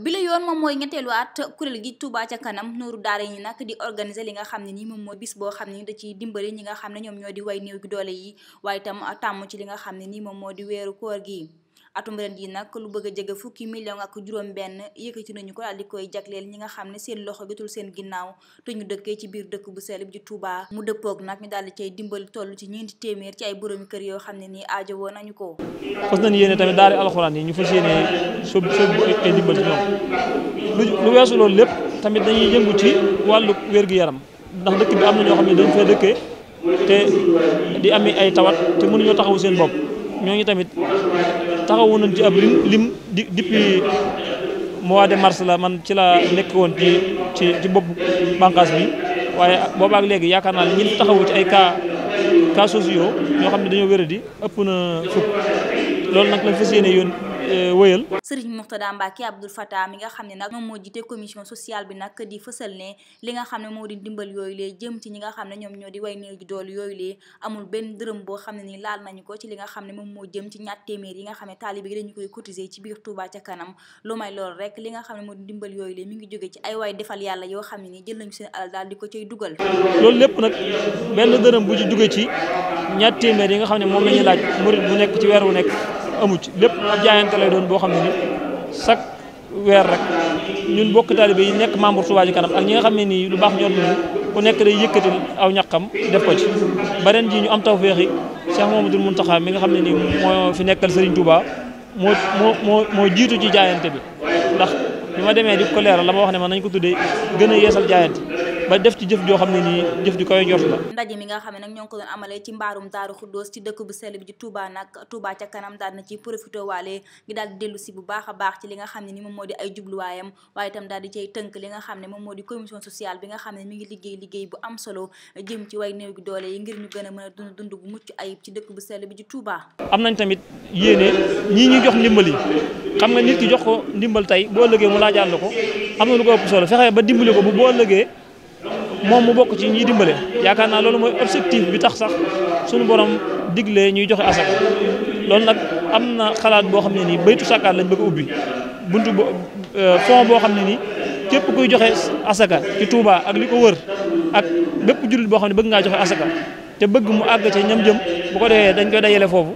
bi la yoon moom mooy ñetteelu at kuréel gi Touba ca kanam nooru daara ñi nag di organiser li nga xam ne nii moom mooy bis boo xam ne da ciy dimbali ñi nga xam ne ñoom ñoo di way néew gi doole yi waaye a tàmm ci li nga xam ne nii moom moo di weeru koor gi atum ren yi nag lu bëgg a jege fukki million ak juróom benn yëkkati nañu ko daal di koy jagleel ñi nga xam ne seen loxo jotul seen ginnaaw te dëkkee ci biir dëkk bu sell bi ci Touba mu dëppoog nag ñu daal di cay dimbali toll ci ñeenti téeméer ci ay boroomi kër yoo xam ne nii aajo nañu ko fas nañu yéene tamit daari alxuraan yi ñu fas yéene sob sob ay dimbal ci ñoom lu weesu loolu lépp tamit dañuy yëngu ci wàllu wér-gu-yaram ndax dëkk bi am na ñoo xam ne dañ fee dëkkee te di ami ay ñooñu tamit taxawoon nañ ci ab lim di depuis mois de mars la man ci la nekk woon ci ci ci bopp bànqaas bi waaye boobaak léegi yaakaar naa ne taxawu ci ay cas cas sociaux ñoo xam ne dañoo wéradi ëpp na fukk loolu nag lañ fas yéene yoon Euh, wëyal. Serigne Mourtada Mbacke Abdoul Fattah mi nga xam ne nag moom moo jiite commission sociale bi nag di fësal ne li nga xam ne ñoo di way néew ji dool yooyu lee amul benn dërëm ne ni laal moom moo jëm ci ñaat téeméer yi nga koy cotiser ci biir li nga xam di ndimbal yooyu lee mi ngi jóge ci ay waay yoo xam ne ni jël nañu seen alal daal di ko cay yi nga xam ne moom lañu laaj murid bu nekk ci weer nekk amu ci lépp jaayante lay doon boo xam ne ni chaque weer rek ñun bokk taalibe yi nekk membre Touba ji Kanam ak ñi nga xam ne nii lu baax ñor nañu ku nekk day yëkkati aw ñaqam def ko ci. beneen ji ñu am tawféex yi Cheikh Mamadou Mountakha mi nga xam ne nii moo fi nekkal Serigne Touba moo moo moo moo jiitu ci jaayante bi ndax bi ma demee di ko leeral la ma wax ne man nañ ko tuddee gën a yeesal jaayante. ba def ci jëf joo xam ne nii jëf ju koy njort la ndaje mi nga xam ne nag ñoo ngi ko doon amalee ci mbaarum daaru xuddoos ci dëkk bu sell bi di Touba nag Touba ca na a baax ci li nga xam ne ni moom moo di ay jubluwaayam am nañ tamit yéene ñii ñuy jox ndimbal yi xam nga nit ki jox ko ndimbal tey boo ëllëgee mu laajaan la ko am na lu ko ëpp solo fexe ba dimbali ko bu boo ëllëgee moom mu bokk ci ñuy dimbale yaakaar naa loolu mooy objectif bi tax sax suñu boroom digle ñuy joxe asaka loolu nag am na xalaat boo xam ne nii baytu sàkkaat lañ bëgg a ubbi buntu bo euh, fond boo xam ne nii képp kuy joxe asaka ci Touba ak li ko wër ak bépp jullit boo xam ne bëgg ngaa joxe asaka te bëgg mu àgg ca ñam jëm bu ko defee dañ koy dajale foofu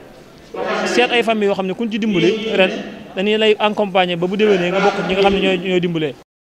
seet ay famille yoo xam ne kuñ ci dimbali ren dañuy lay accompagner ba bu déwénee nga bokk ñi nga xam ne ñooy dimbalee